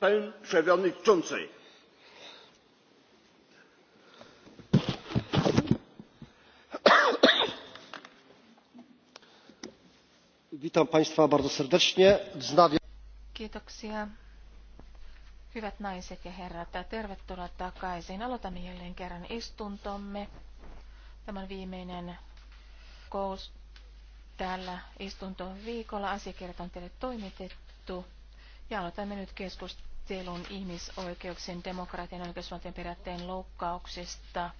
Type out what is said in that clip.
panie przewodniczący! witam państwa bardzo serdecznie. kiitoksia. hyvät naiset ja herrat tervetuloa takaisin. aloitamme jälleen kerran istuntomme. tämä on viimeinen kous tällä istuntoviikolla. asiakirjat on teille toimitettu. Ja aloitamme nyt keskustelun ihmisoikeuksien, demokratian ja oikeusvaltion periaatteen loukkauksista.